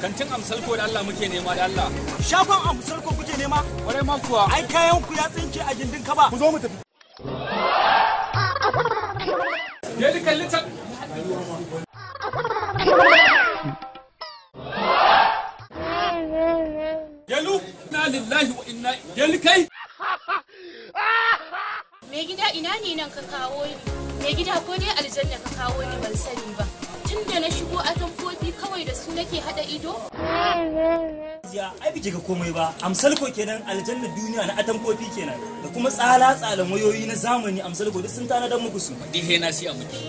kantin ko da Allah muke nema da Allah shagon ko kuke nema kwarai ma kuwa ai kayan ku ya tsinke a gindin kaba ku zo mu tafi Yeli kalli ta Yalu na lillahi wa inna yeli kai Me gida ina ne nan ka kawo ni Me gida ko dai aljanna ka kawo ni ban sani ba na shigo a kawai da su nake hada ido? Ya ai bike ga komai ba, amsalko kenan aljannar duniya na atamfofi kenan da kuma tsala tsalan wayoyi na zamani amsalko duk sun tanadar muku su. hena na a muke.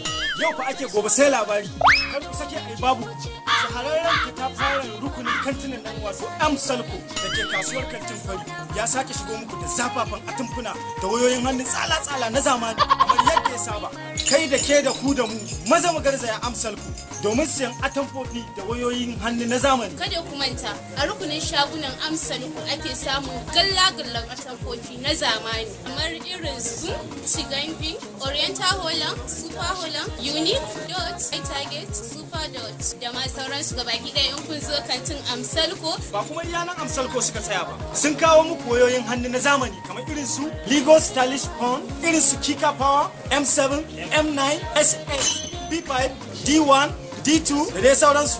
Yau fa ake gobe sai labari, kan ku sake ai babu. Shahararren fara rukunin kantinan nan wato amsalko da ke kasuwar kantin fari ya sake shigo muku da zafafan atamfuna da wayoyin hannu tsala-tsala na zamani kamar yadda ya saba. kai da ke da ku da mu maza mu garzaya amsal ku domin siyan atamfofi da wayoyin hannu na zamani. Kada ku manta a rukunin shagunan amsal ku ake samun galla atamfofi na zamani kamar irin su Chigambi, Oriental Holland, Super Holland, Unique, Dot, Target, Super Dot da ma sauransu ga baki ɗaya in kun zo kantin ku. Ba kuma amsal ku suka tsaya ba. Sun kawo muku wayoyin hannu na zamani kamar irin su Lego Stylish Phone, irin su Kika Power, M7, M9, SX, B5, D1, D2 da dai sauransu.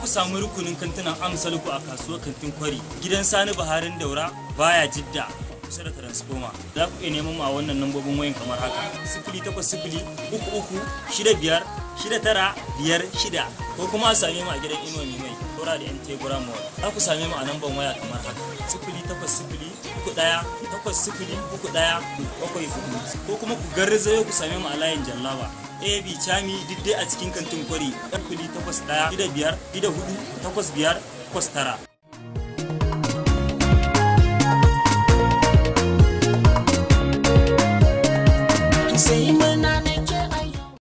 Ku samu rukunin kantunan amsaluku a kasuwar kantin kwari gidan Sani Buharin Daura baya Jidda kusa da transforma za ku iya neman mu a wannan nambobin wayan kamar haka sifili takwas sifili uku uku shida biyar shida tara biyar shida ko kuma a same mu a gidan inomi mai kora da nt gura za ku same mu a namban waya kamar haka sifili takwas sifili uku ɗaya takwas sifili uku daya bakwai hudu ko kuma ku garzayo ku same mu a layin jallaba ab chami duk a cikin kantin kwari sifili takwas ɗaya gida biyar gida hudu takwas biyar takwas